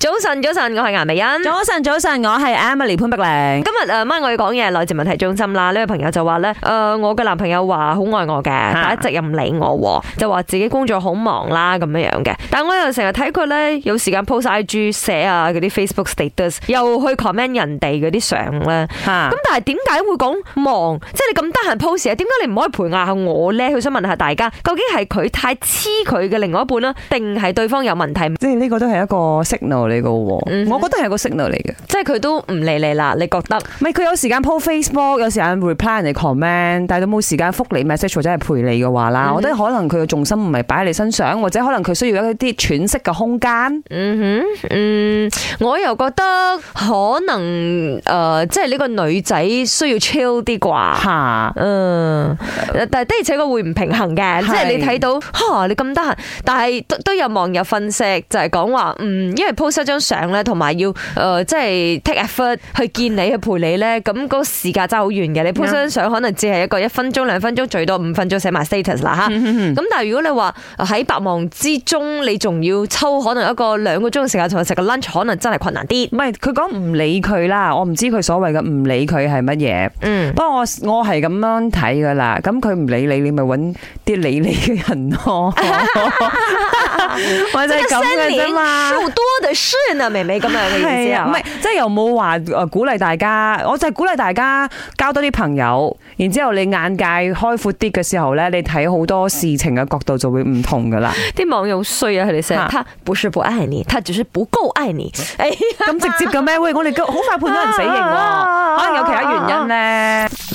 早晨，早晨，我係顏美欣。早晨，早晨，我係 Emily 潘碧玲。今日誒，孖、呃、我要講嘢，耐勁問題中心啦。呢、這、位、個、朋友就話咧，誒、呃，我嘅男朋友話好愛我嘅，啊、但一直又唔理我，就話自己工作好忙啦咁樣樣嘅。但我又成日睇佢咧，有時間 post I G 寫啊，嗰啲 Facebook status，又去 comment 人哋嗰啲相咧。吓咁、啊，但係點解會講忙？即係你咁得閒 post 嘅，點解你唔可以陪下我咧？佢想問下大家，究竟係佢太黐佢嘅另外一半啦，定係對方有問題？即係呢個都係一個 signal。你個，嗯、我覺得係個信號嚟嘅，即係佢都唔理你啦。你覺得？唔係佢有時間 po Facebook，有時間 reply 你 comment，但係都冇時間覆你 message，或者係陪你嘅話啦。嗯、哼我覺得可能佢嘅重心唔係擺喺你身上，或者可能佢需要一啲喘息嘅空間。嗯哼，嗯，我又覺得可能誒、呃，即係呢個女仔需要 chill 啲啩吓。哈嗯，但係的而且確會唔平衡嘅，是即係你睇到你咁得閒，但係都，都有網友分析就係講話，嗯，因為 post。出張相咧，同埋要誒，即、呃、係、就是、take effort 去見你去陪你咧，咁、那、嗰個時間真係好遠嘅。你鋪張相可能只係一個一分鐘、兩分鐘，最多五分鐘寫埋 status 啦吓。咁 但係如果你話喺百忙之中，你仲要抽可能一個兩個鐘嘅時間同佢食個 lunch，可能真係困難啲。唔係佢講唔理佢啦，我唔知佢所謂嘅唔理佢係乜嘢。嗯，不過我我係咁樣睇噶啦。咁佢唔理你，你咪搵啲理你嘅人咯。我就係咁嘅算啊，微微咁樣嘅意思啊，唔係，即係又冇話誒鼓勵大家，我就係鼓勵大家交多啲朋友，然之後你眼界開闊啲嘅時候咧，你睇好多事情嘅角度就會唔同噶啦。啲網友衰啊，佢哋成，啊、他不是不愛你，他只是不夠愛你。咁、哎、呀直接嘅咩？啊、喂，我哋好快判咗人死刑喎，啊。啊可能有